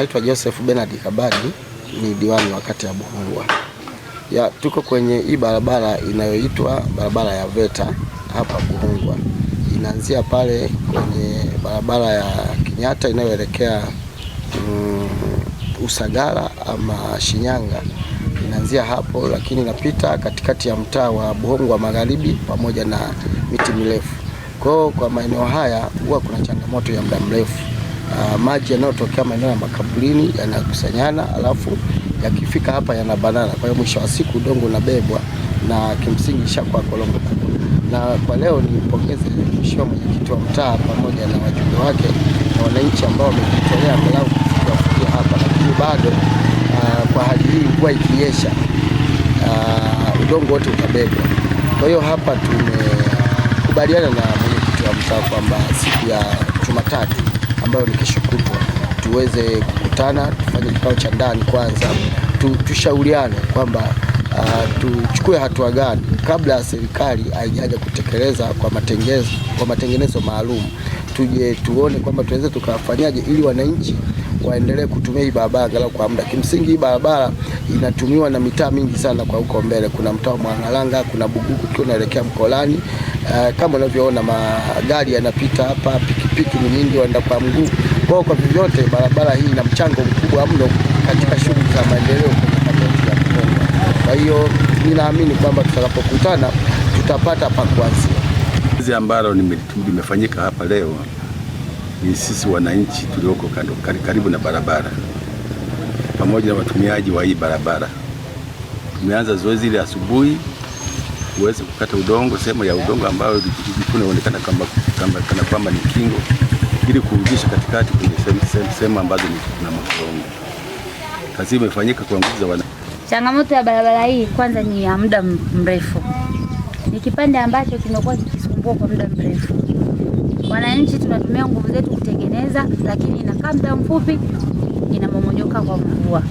Naitwa Joseph Bernard Kabadi, ni diwani wa kata ya Buhungwa. Ya, tuko kwenye hii barabara inayoitwa barabara ya VETA hapa Buhungwa, inaanzia pale kwenye barabara ya Kinyata inayoelekea mm, Usagara ama Shinyanga, inaanzia hapo, lakini inapita katikati ya mtaa wa buhungwa Magharibi pamoja na miti mirefu. Kwa kwa maeneo haya huwa kuna changamoto ya muda mrefu uh, maji yanayotokea maeneo ya makaburini yanakusanyana, alafu yakifika hapa yanabanana. Kwa hiyo mwisho wa siku udongo unabebwa na kimsingi ishakuwa korongo kubwa. Na kwa leo nipongeze Mheshimiwa Mwenyekiti wa mtaa pamoja na wajumbe wake na wananchi ambao wamejitolea angalau kufikia hapa, lakini bado uh, kwa hali hii mvua ikiesha uh, ah, udongo wote utabebwa. Kwa hiyo hapa tumekubaliana na mwenyekiti wa mtaa kwamba siku ya Jumatatu ambayo ni kesho kutwa, tuweze kukutana, tufanye kikao cha ndani kwanza, tushauriane kwamba uh, tuchukue hatua gani kabla ya serikali haijaja kutekeleza kwa matengenezo kwa matengenezo maalum tuje tuone kwamba tuweze tukafanyaje ili wananchi waendelee kutumia hii barabara angalau kwa muda. Kimsingi hii barabara inatumiwa na mitaa mingi sana kwa huko mbele, kuna mtaa wa Mwangalanga, kuna Buguku ukiwa unaelekea Mkolani. Uh, kama unavyoona magari yanapita hapa, pikipiki ni nyingi, waenda kwa mguu. Kwa hiyo kwa vyovyote, barabara hii ina mchango mkubwa mno katika shughuli za maendeleo. Kwa hiyo ninaamini kwamba tutakapokutana tutapata pa kuanzia. Hizi ambalo limefanyika hapa leo ni sisi wananchi tulioko kando karibu na barabara pamoja na watumiaji wa hii barabara, tumeanza zoezi ile asubuhi kuweza kukata udongo, sehemu ya udongo ambayo kama kana kwamba ni kingo, ili kurudisha katikati kwenye sehemu ambazo kuna makorongo. Kazi imefanyika kwa nguvu za wana. Changamoto ya barabara hii kwanza ni ya muda mrefu, ni kipande ambacho kimekuwa kuwa kwa muda mrefu. Wananchi tunatumia nguvu zetu kutengeneza, lakini inakaa muda mfupi inamomonyoka kwa mvua.